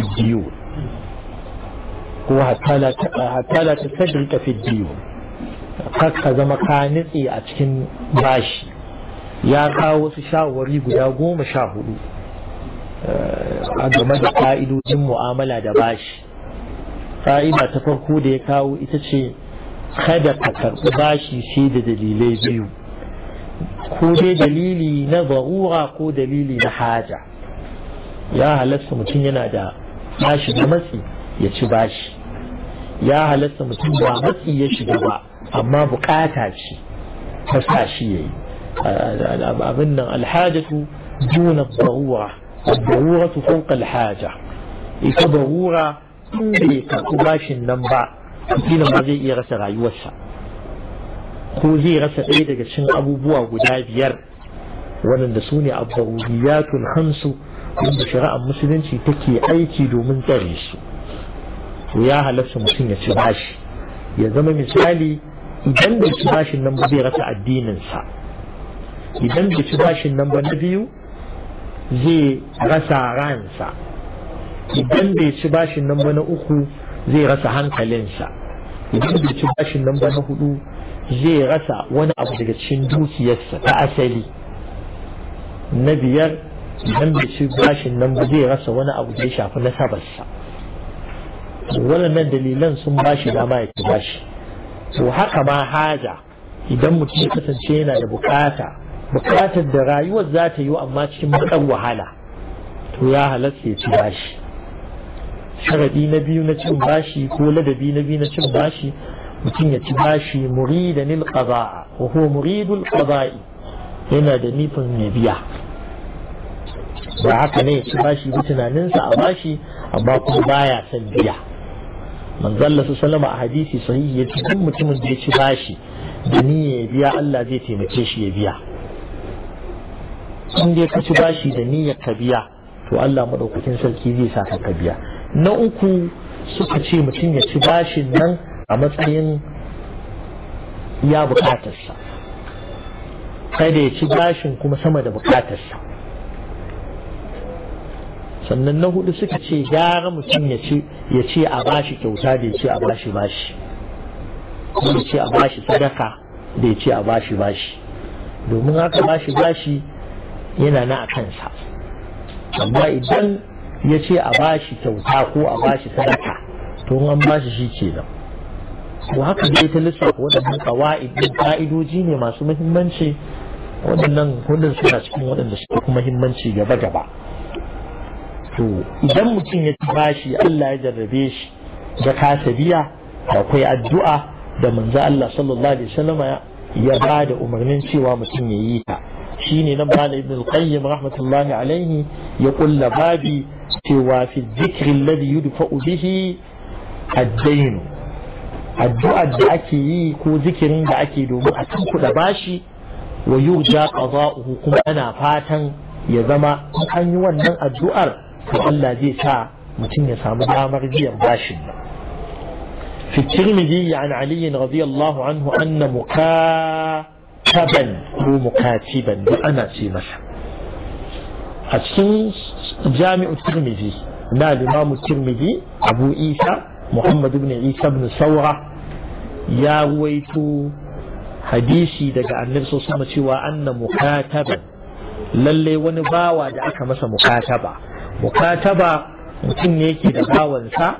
الديون هو حتى لا ka لا تستدرك a cikin bashi ya kawo wasu shawari guda goma sha hudu a game da fa'idodin mu'amala da bashi fa'ida ta farko da ya kawo ita ce kada ka karɓi bashi sai da dalilai biyu ko dai dalili na barura ko dalili na haja ya halatta mutum yana da ya shiga matsi ya ci bashi ya halatta mutum ba matsi ya shiga ba amma bukata ce ta sa shi yayi abin nan alhajatu juna barura barura fawqa alhaja ita barura in bai karɓi bashin nan ba kila ma zai iya rasa rayuwarsa ko zai rasa ɗaya daga cikin abubuwa guda biyar waɗanda su ne abdaruriyatul hamsu wanda shari'ar musulunci take aiki domin tsare su to ya halarta mutum ya ci bashi ya zama misali idan bai ci bashin nan ba zai rasa addininsa idan bai ci bashin nan ba na biyu zai rasa ransa idan bai ci bashin nan ba na uku zai rasa hankalinsa idan bai ci bashin nan ba na hudu zai rasa wani abu daga cikin dukiyarsa ta asali na biyar idan bai ci bashin nan ba zai rasa wani abu da ya shafi nasabarsa waɗannan dalilan sun bashi dama ya ci bashi to haka ma haja idan mutum ya kasance yana da bukata bukatar da rayuwar za ta yi amma cikin bakar wahala to ya halatta ya ci bashi sharadi na biyu na cin bashi ko ladabi na biyu na cin bashi mutum ya ci bashi muridanil qada'a wa huwa muridul qada'i yana da nufin ya biya ba haka ne ci bashi bi tunaninsa a bashi amma kuma baya son biya manzalla su salama a hadisi sahihi ya ce duk mutumin da ya ci bashi da niyya ya biya Allah zai taimake shi ya biya in dai ka ci bashi da niyya ka biya to Allah madaukakin sarki zai sa ka biya na uku suka ce mutum ya ci bashin nan a matsayin ya bukatarsa kada ya ci bashin kuma sama da bukatarsa sannan na hudu suka ce gyara mutum ya ce a bashi kyauta da ya ce a bashi bashi ya ce a bashi sadaka da ya ce a bashi bashi domin haka bashi bashi yana na a kansa amma idan ya ce a bashi kyauta ko a bashi sadaka to an bashi shi kenan to haka dai ta lissafa waɗannan ƙawa'id ƙa'idoji ne masu muhimmanci waɗannan hudun suna cikin waɗanda suka kuma muhimmanci gaba-gaba to idan mutum ya ci bashi Allah ya jarrabe shi da ta biya akwai addu'a da manzo Allah sallallahu alaihi wasallam ya ba da umarnin cewa mutum ya yi ta shine nan malam ibn al-qayyim rahmatullahi alaihi ya kulla babi cewa fi dhikri alladhi yudfa'u bihi ad-dayn addu'a da ake yi ko zikirin da ake domin a kuɗa bashi wa yurja qada'uhu kuma ana fatan ya zama an yi wannan addu'ar to Allah zai sa mutum ya samu damar biyan bashin في الترمذي عن علي رضي الله عنه أن مكاتبا ومكاتبا بأنا في a cikin جامع الترمذي لا الإمام الترمذي أبو عيسى محمد بن عيسى بن ثورة يا hadisi daga annabi so sama cewa anna mukataban lallai wani bawa da aka masa mukataba mukataba mutum ne yake da bawansa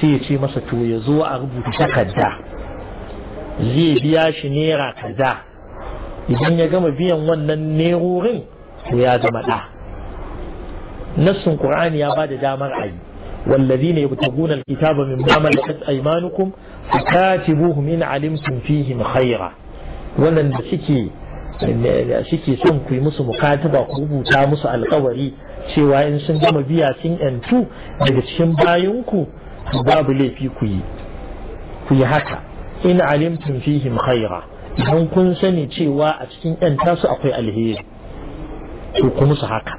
sai ya ce masa to ya zo a rubuta takarda zai biya shi naira kaza idan ya gama biyan wannan nerorin to ya zama ɗa Nassun qur'ani ya ba da damar ayi والذين يبتغون الكتاب مما ملكت أيمانكم فكاتبوهم إن علمتم فيهم خيرا ولن سكي suke son ku musu mukataba ku rubuta musu alkawari cewa in sun gama biya sun yantu daga cikin bayanku babu laifi ku yi ku yi haka in alimtum fihim khaira idan kun sani cewa a cikin yan tasu akwai alheri to ku musu haka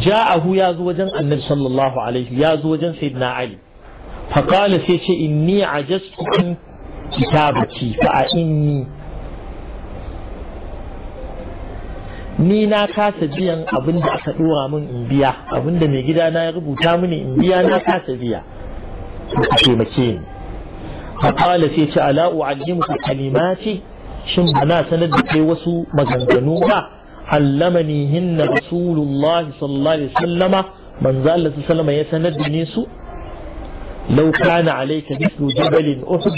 ja'ahu ya zo wajen annabi sallallahu alaihi ya zo wajen sayyidina ali faqala sai ce inni ajastu kitabati fa inni ni na kasa biyan abin da aka dora min in biya abin da mai gida na ya rubuta mini in biya na kasa biya ka taimake ni faƙala sai ce ala u'allimuka kalimati shin ba na sanar da kai wasu maganganu ba allamani hinna rasulullahi sallallahu alaihi wasallama manzo Allah sallama ya sanar da ni su law kana alayka mithlu jabalin uhud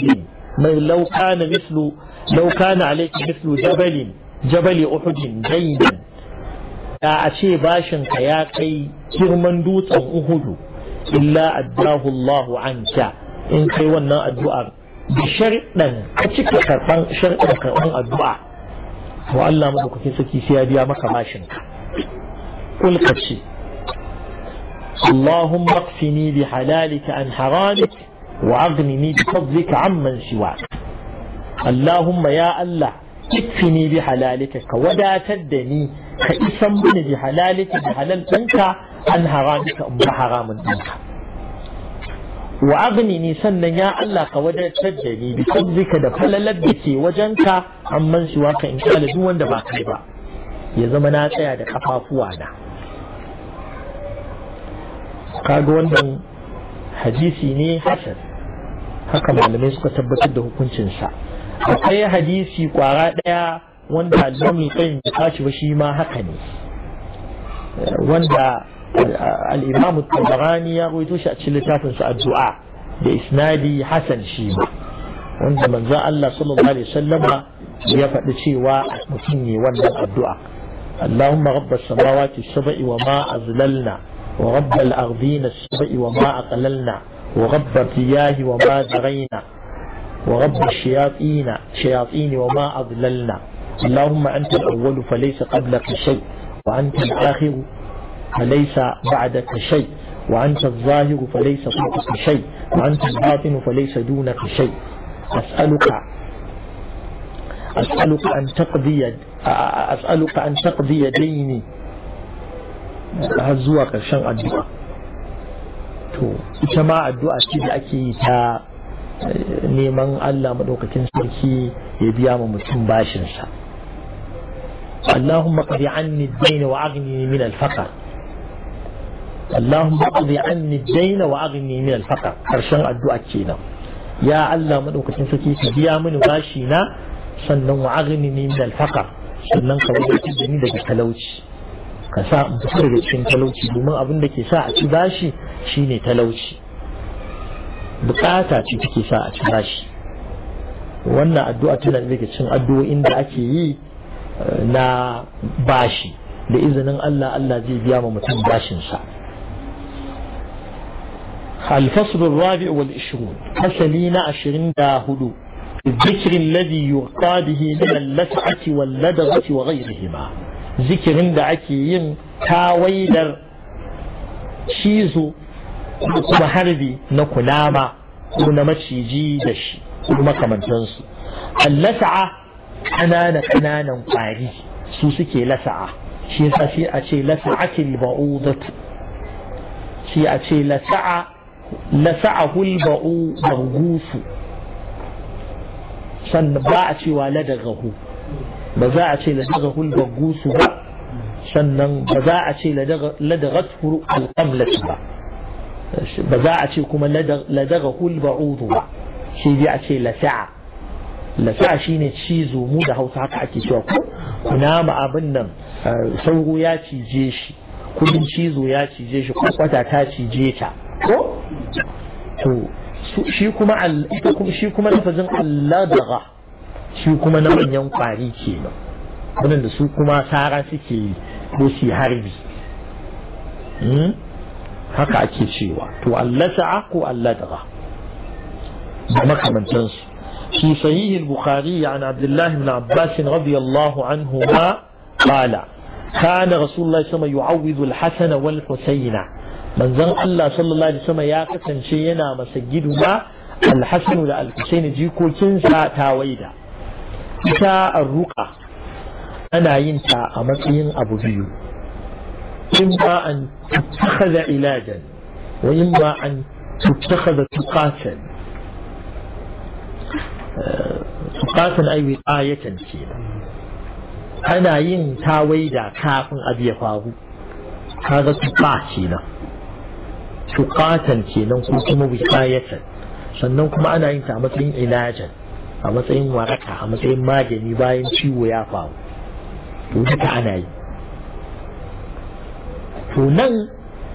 law kana mithlu law kana alayka mithlu jabalin jabali uhudin jaydan da a ce bashinka ya kai girman dutsen uhudu illa addahu Allahu anka in kai wannan addu'ar da sharɗan ka cika karɓan sharɗan karɓan addu'a to Allah madaukakin saki sai ya biya maka bashinka kul ka ce اللهم an بحلالك wa حرامك وأغنني بفضلك عمن سواك اللهم ya allah. kifini bi halalika ka wadatar da ni ka isan mini bi halalika da halal ɗinka an haramika in ba haramun ɗinka wa agni ni sannan ya Allah ka wadatar da ni bi fadlika da falalar da ke wajenka amman siwa ka in kala duk wanda ba kai ba ya zama na tsaya da kafafuwa na kaga wannan hadisi ne hasan haka malamai suka tabbatar da hukuncinsa akwai hadisi kwara daya wanda al-imam qayyim ya tashi ba shi ma haka ne wanda al-imam tabarani ya rawaito shi a cikin littafin sa addu'a da isnadi hasan shi wanda manzon Allah sallallahu alaihi wasallama ya faɗi cewa mutum ne wannan addu'a اللهم رب السماوات السبع وما أزللنا ورب الأرضين السبع وما أقللنا ورب الرياح وما زرينا ورب الشياطين شياطين وما أضللنا اللهم أنت الأول فليس قبلك شيء وأنت الآخر فليس بعدك شيء وأنت الظاهر فليس فوقك شيء وأنت الباطن فليس دونك شيء أسألك أسألك أن تقضي أسألك أن تقضي ديني هزوك الشمع الدعاء تو إتما الدعاء كده أكيد neman Allah madaukakin sarki ya biya wa mutum bashin sa Allahumma qadi anni ad wa aghni min min al karshen addu'a kenan ya Allah maɗaukacin sarki ka biya mini bashi na sannan wa aghni min al-faqr sannan ka wuce ni daga talauci ka sa mutum da cikin talauci domin abin da ke sa a ci bashi shine talauci bukata ce take sa a cira shi wannan addu'a tana daga cikin addu'o'in da ake yi eh, na bashi da izinin Allah Allah zai biya ma mutum bashin sa الفصل الرابع والعشرون فسلين عشرين داهدو الذكر الذي يرقى به من اللسعة واللدغة وغيرهما ذكر دعكي تاويدر شيزو kuma harbi na kunama ko na maciji da shi ko makamantansu allasa'a ƙananan ƙananan ƙwari su suke lasa'a shi yasa shi a ce lasa'atil ba'udat shi a ce lasa'a lasa'ahul ba'u bangusu san ba a cewa gahu ba za a ce la da ladagahul bangusu ba sannan ba za a ce la da ladagatul alqamlatu ba ba za a ce kuma ladaga hulba udu ba shi dai a ce lasa'a lasa'a shine cizo mu da hausa haka ake cewa ko ma abin nan sauro ya cije shi kudin cizo ya cije shi kwata ta cije ta ko to shi kuma shi kuma lafazin ladaga shi kuma na manyan kwari kenan wannan da su kuma sara suke ko su harbi hmm? haka ake cewa to allasa'a ko alladgha da makamantan su fi an abdullah ibn abbas radiyallahu anhu ma qala kana rasulullahi sallallahu alaihi wasallam yu'awwidu al-hasan wal-husayn manzon allah sallallahu alaihi wasallam ya kasance yana masa giduma al-hasan da al-husayn jikokin sa ta waida ita arruqa ana yin ta a matsayin abu biyu إما أن تتخذ علاجا وإما أن تتخذ تقاتل تقاتل آه، أي وقاية كذا أنا ين تاويدا كافن أبي فاغو هذا تقاتل تقاتل كذا نقوم بوقاية sannan ana إن ta a matsayin ilajin a matsayin waraka a matsayin magani bayan ciwo ya faru إن duka ana yi to nan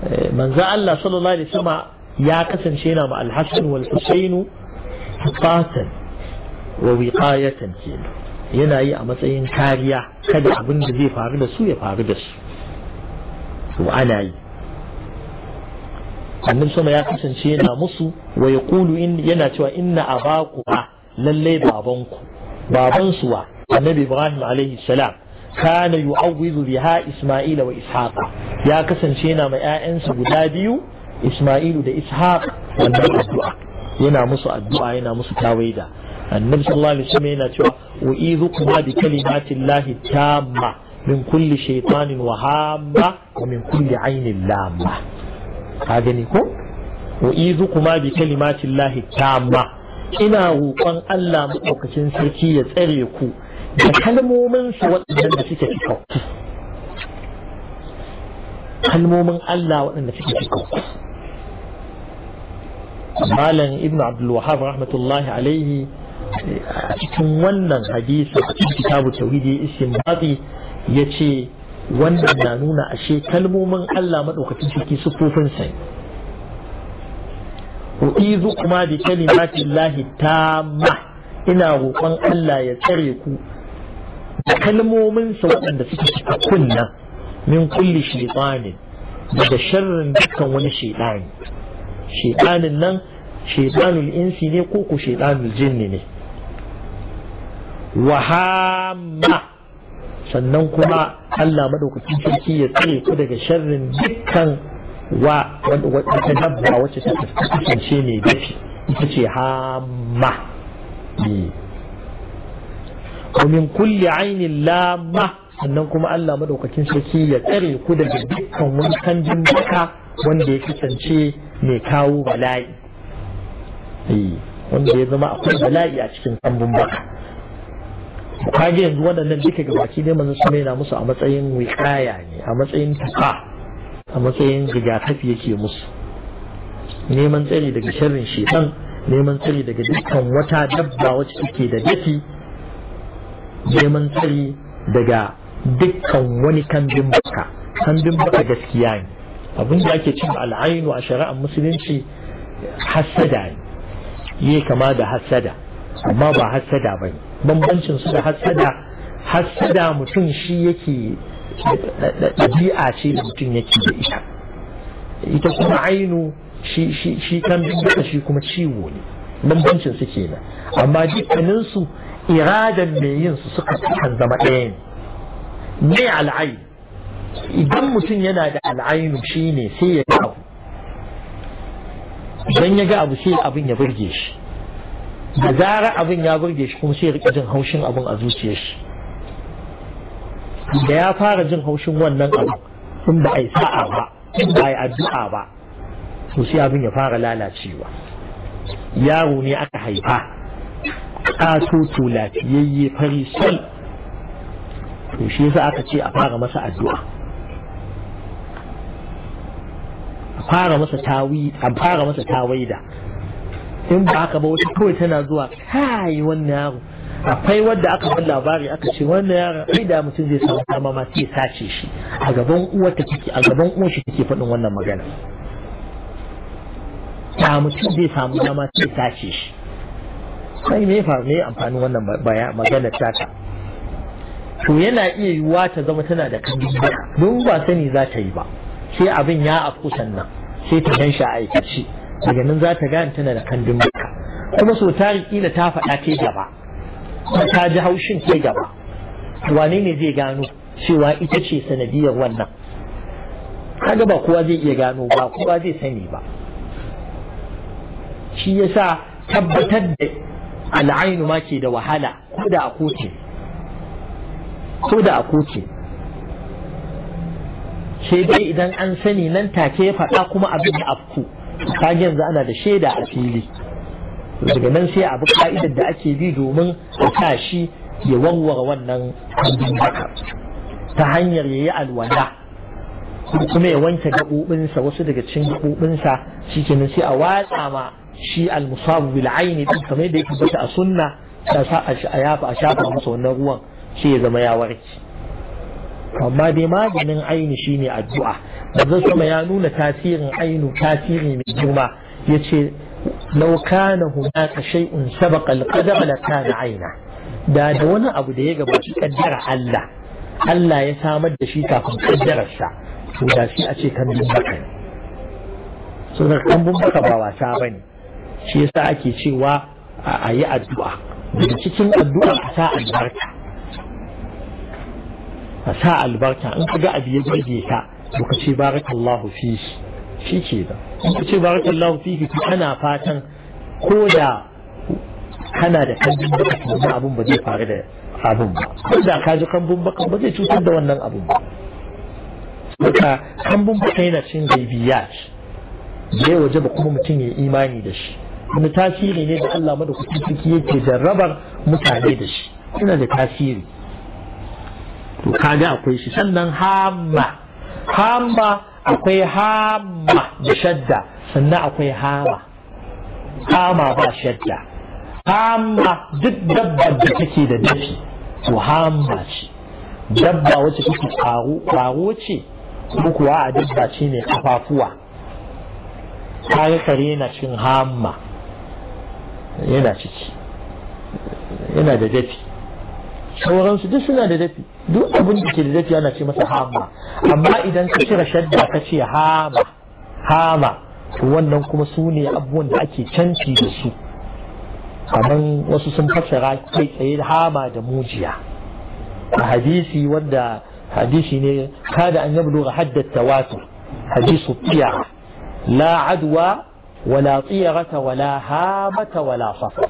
eh, manzo Allah sallallahu alaihi wasallam ya kasance yana ma al-Hasan wal Husainu qatan wa wiqayatan kenan yana yi a matsayin kariya kada abin da zai faru da su ya faru da su to ana yi annin sama ya kasance yana musu wa ya kulu yana cewa inna abaku ba lallai babanku babansu wa annabi ibrahim alaihi salam kana yu'awwizu biha isma'ila wa ishaqa ya kasance yana ma 'ya'yansa guda biyu Isma'ilu da Ishaq wannan addu'a yana musu addu'a yana musu tawaida annabi sallallahu alaihi wasallam yana cewa kuma bi kalimatillahi tamma min kulli shaytanin wa hamma wa min kulli ainin lamma ka gani ko kuma bi kalimatillahi tamma ina roƙon Allah madaukakin sarki ya tsare ku da kalmomin sa waɗannan suke cikakku kalmomin Allah waɗanda suke cikin malam ibn abdulwahab rahmatullahi alaihi a cikin wannan hadisi a cikin kitabu tauhidi isim babi ya ce wannan na nuna ashe kalmomin Allah maɗaukacin ciki sufufin sai uizu kuma bi kalimatin lahi ma ina roƙon Allah ya tsare ku da kalmominsa waɗanda suke cikin kunna min kulli shaytanin daga sharrin dukkan wani shaytani shaytanin nan shaytanul insi ne ko ku shaytanul jinni ne wahamma sannan kuma Allah madaukakin sarki ya tsare ku daga sharrin dukkan wa wata dabba wacce ta kasance ne dafi ita ce hamma ومن كل عين لامة sannan kuma Allah madaukakin sarki ya tsare ku daga dukkan wani kanjin baka wanda ya kasance mai kawo bala'i eh, wanda ya zama akwai bala'i a cikin kambun baka kage yanzu waɗannan duka baki dai manzo sama yana musu a matsayin wikaya ne a matsayin tafa a matsayin rigakafi yake musu neman tsari daga sharrin shekan neman tsari daga dukkan wata dabba wacce take da dafi neman tsari daga dukkan wani kambin baka kambin baka gaskiya ne abin da ake cin al'ainu a shari'ar musulunci hassada ne ya kama da hassada amma ba hassada ba ne bambancin su da hassada hassada mutum shi yake ɗabi'a ce da mutum yake da ita ita kuma ainu shi kambin baka shi kuma ciwo ne bambancin su kenan amma dukkaninsu iradan mai yin su suka zama ɗaya ne mai al'ayi idan mutum yana da al'ainu ne sai ya ga abu idan ya ga abu sai abin ya burge shi da zara abin ya burge shi kuma sai ya jin haushin abin a zuciyar shi da ya fara jin haushin wannan abu sun ba a yi sa'a ba in ba a yi addu'a ba to sai abin ya fara lalacewa yaro ne aka haifa ƙato to lafiyayye fari sai to shi yasa aka ce a fara masa addu'a a fara masa tawi a fara masa tawaida in ba haka ba wata kawai tana zuwa kai wannan yaro akwai wadda aka bar labari aka ce wannan yaron ai da mutum zai samu dama ma sai sace shi a gaban uwar ta take a gaban uwar shi take faɗin wannan magana da mutum zai samu dama sai sace shi sai me faru ne amfanin wannan magana ta to yana iya yiwuwa ta zama tana da kambin don ba sani za ta yi ba sai abin ya afku sannan sai ta gan shi a aikace daga nan za ta gane tana da kandun baka kuma so ta kila ta faɗa ta gaba ta ji haushin ta gaba wane ne zai gano cewa ita ce sanadiyar wannan kaga ba kowa zai iya gano ba kowa zai sani ba shi yasa tabbatar da al'ainu ma ke da wahala ko da a kotu ko da a kuce sai dai idan an sani nan take ya faɗa kuma abin da afku ka yanzu ana da shaida a fili daga nan sai abu ka'idar da ake bi domin a tashi ya warware wannan abin haka ta hanyar ya yi alwala kuma ya wanke gaɓoɓinsa wasu daga cikin gaɓoɓinsa shi kenan sai a watsa ma shi almusabu bil aini din kamar da yake bata a sunna ta sa a shafa a shafa masa wannan ruwan shi ya zama ya warke amma dai maganin aini shine addu'a manzon sama ya nuna tasirin ainu tasiri mai girma yace law kana hunaka shay'un sabaqa alqadar la kana aina da da wani abu da ya shi kaddara Allah Allah ya samar da shi kafin kaddararsa to da shi a ce kan baka so da kan baka ba wasa bane shi yasa ake cewa a yi addu'a cikin addu'a a sa albarka a sa albarka in ka ga abu ya burge ka to ka ce barakallahu fihi shi ke da in ka ce barakallahu fihi to kana fatan ko da kana da kalbin baka to wannan abun ba zai faru da abun ba ko da ka ji kambun baka ba zai cutar da wannan abun ba haka kambun baka yana cin gaibiyat da ya waje ba kuma mutum ya imani da shi wani tasiri ne da Allah madaukakin sarki yake jarrabar mutane da shi suna da tasiri to kaga akwai shi sannan hamma hamma akwai hamma da shadda sannan akwai hama hama ba shadda hamma duk dabbar da take da dafi to hamma ce dabba wacce take ƙwaro ce ko kuwa a dabba ce mai kafafuwa kaga kare na cin hamma yana ciki yana da dafi sauran su duk suna da dafi duk abin da ke da dafi ana ce masa hama amma idan ka cire shadda ka ce hama hama to wannan kuma su ne abubuwan da ake canci da su kamar wasu sun fassara kai tsaye hama da mujiya a hadisi wanda hadisi ne kada an yi ga haddar tawatu hadisu tiya la adwa wala tiyarata wala hamata wala safa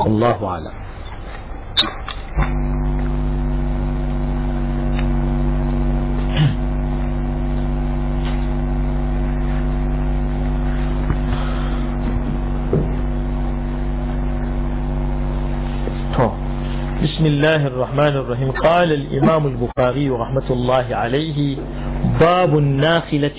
الله أعلم طيب. بسم الله الرحمن الرحيم قال الإمام البخاري رحمة الله عليه باب الناخلة